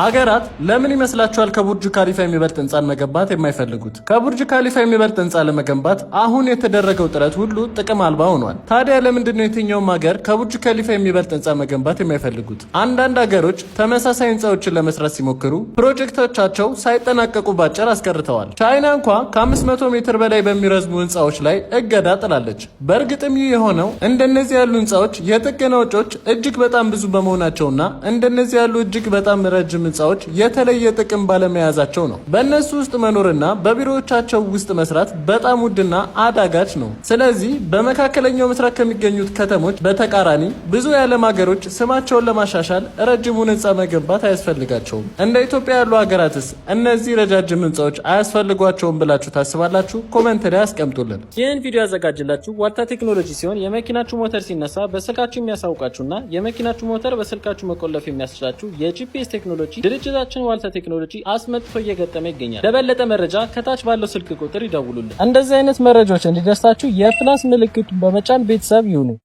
ሀገራት ለምን ይመስላችኋል ከቡርጅ ካሊፋ የሚበልጥ ህንፃን መገንባት የማይፈልጉት? ከቡርጅ ካሊፋ የሚበልጥ ህንፃ ለመገንባት አሁን የተደረገው ጥረት ሁሉ ጥቅም አልባ ሆኗል። ታዲያ ለምንድን ነው የትኛውም ሀገር ከቡርጅ ካሊፋ የሚበልጥ ህንፃ መገንባት የማይፈልጉት? አንዳንድ ሀገሮች ተመሳሳይ ህንፃዎችን ለመስራት ሲሞክሩ ፕሮጀክቶቻቸው ሳይጠናቀቁ ባጭር አስቀርተዋል። ቻይና እንኳ ከ500 ሜትር በላይ በሚረዝሙ ህንፃዎች ላይ እገዳ ጥላለች። በእርግጥም ይህ የሆነው እንደነዚህ ያሉ ህንፃዎች የጥገና ወጪዎች እጅግ በጣም ብዙ በመሆናቸውና እንደነዚህ ያሉ እጅግ በጣም ረጅም ህንፃዎች የተለየ ጥቅም ባለመያዛቸው ነው። በእነሱ ውስጥ መኖርና በቢሮዎቻቸው ውስጥ መስራት በጣም ውድና አዳጋች ነው። ስለዚህ በመካከለኛው ምስራቅ ከሚገኙት ከተሞች በተቃራኒ ብዙ የዓለም ሀገሮች ስማቸውን ለማሻሻል ረጅሙን ህንፃ መገንባት አያስፈልጋቸውም። እንደ ኢትዮጵያ ያሉ ሀገራትስ እነዚህ ረጃጅም ህንፃዎች አያስፈልጓቸውም ብላችሁ ታስባላችሁ? ኮመንት ላይ አስቀምጡልን። ይህን ቪዲዮ ያዘጋጅላችሁ ዋልታ ቴክኖሎጂ ሲሆን የመኪናችሁ ሞተር ሲነሳ በስልካችሁ የሚያሳውቃችሁና የመኪናችሁ ሞተር በስልካችሁ መቆለፍ የሚያስችላችሁ የጂፒኤስ ቴክኖሎጂ ቴክኖሎጂ ድርጅታችን ዋልታ ቴክኖሎጂ አስመጥቶ እየገጠመ ይገኛል። ለበለጠ መረጃ ከታች ባለው ስልክ ቁጥር ይደውሉልን። እንደዚህ አይነት መረጃዎች እንዲደርሳችሁ የፕላስ ምልክቱን በመጫን ቤተሰብ ይሁኑ።